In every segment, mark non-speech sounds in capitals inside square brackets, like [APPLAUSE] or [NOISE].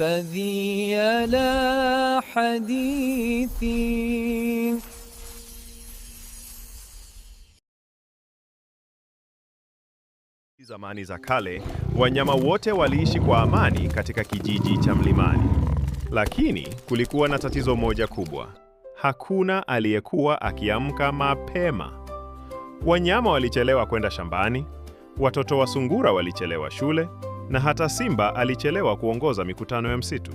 فذي لا حديثي Zamani za kale wanyama wote waliishi kwa amani katika kijiji cha mlimani, lakini kulikuwa na tatizo moja kubwa: hakuna aliyekuwa akiamka mapema. Wanyama walichelewa kwenda shambani, watoto wa sungura walichelewa shule na hata Simba alichelewa kuongoza mikutano ya msitu.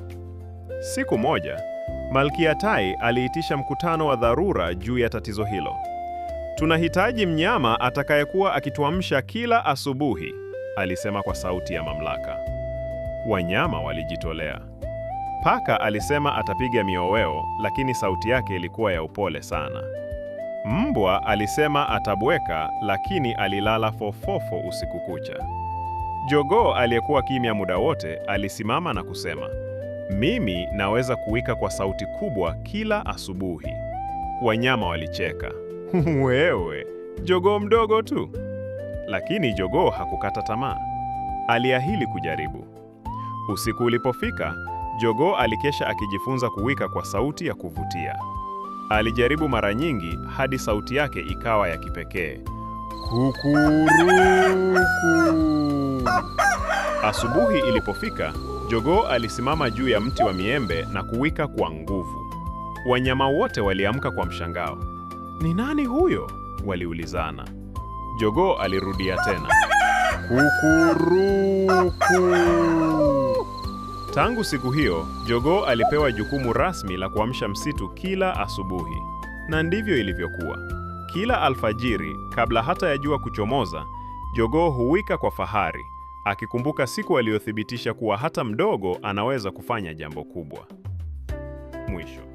Siku moja, Malkia Tai aliitisha mkutano wa dharura juu ya tatizo hilo. Tunahitaji mnyama atakayekuwa akituamsha kila asubuhi, alisema kwa sauti ya mamlaka. Wanyama walijitolea. Paka alisema atapiga mioweo, lakini sauti yake ilikuwa ya upole sana. Mbwa alisema atabweka, lakini alilala fofofo usiku kucha. Jogoo aliyekuwa kimya muda wote alisimama na kusema, mimi naweza kuwika kwa sauti kubwa kila asubuhi. Wanyama walicheka. [LAUGHS] Wewe jogoo mdogo tu. Lakini jogoo hakukata tamaa, aliahidi kujaribu. Usiku ulipofika, jogoo alikesha akijifunza kuwika kwa sauti ya kuvutia. Alijaribu mara nyingi hadi sauti yake ikawa ya kipekee, kukuruku. Asubuhi ilipofika, jogoo alisimama juu ya mti wa miembe na kuwika kwa nguvu. Wanyama wote waliamka kwa mshangao. Ni nani huyo? waliulizana. Jogoo alirudia tena, [LAUGHS] kukuruku. Tangu siku hiyo, jogoo alipewa jukumu rasmi la kuamsha msitu kila asubuhi, na ndivyo ilivyokuwa. Kila alfajiri, kabla hata ya jua kuchomoza, jogoo huwika kwa fahari akikumbuka siku aliyothibitisha kuwa hata mdogo anaweza kufanya jambo kubwa. Mwisho.